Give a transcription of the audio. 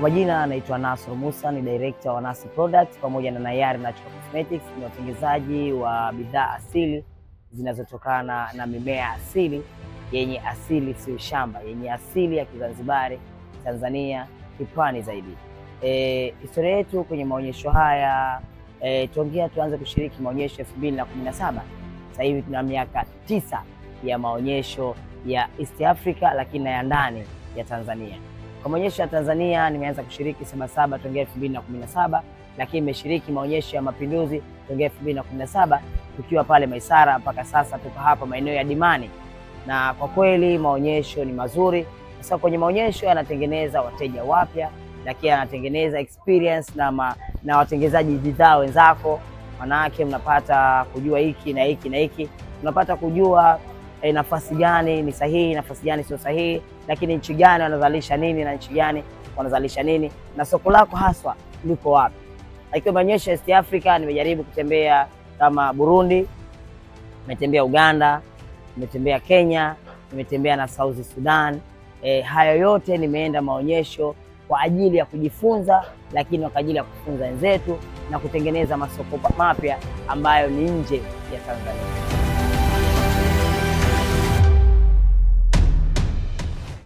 Kwa majina anaitwa Nasr Musa, ni director wa Nasi Products pamoja na Nayari Natural Cosmetics. Ni watengenezaji wa bidhaa asili zinazotokana na mimea asili yenye asili, sio shamba, yenye asili ya Kizanzibari, Tanzania, kipwani zaidi. E, historia yetu kwenye maonyesho haya e, tuongea tuanze kushiriki maonyesho 2017 sasa hivi tuna miaka tisa ya maonyesho ya East Africa, lakini na ya ndani ya Tanzania. Kwa maonyesho ya Tanzania nimeanza kushiriki Semasaba tokea 2017 lakini nimeshiriki maonyesho ya Mapinduzi tokea 2017 tukiwa pale Maisara mpaka sasa tuko hapa maeneo ya Dimani, na kwa kweli maonyesho ni mazuri. Sasa kwenye maonyesho yanatengeneza wateja wapya, lakini yanatengeneza experience na, ma, na watengenezaji bidhaa wenzako, manake mnapata kujua hiki na hiki na hiki, mnapata kujua e, nafasi gani ni sahihi, nafasi gani sio sahihi, lakini nchi gani wanazalisha nini na nchi gani wanazalisha nini na soko lako haswa liko wapi. Ikiwa imeonyesha East Africa, nimejaribu kutembea kama Burundi, nimetembea Uganda, nimetembea Kenya, nimetembea na South Sudan. E, hayo yote nimeenda maonyesho kwa ajili ya kujifunza, lakini kwa ajili ya kufunza wenzetu na kutengeneza masoko mapya ambayo ni nje ya Tanzania.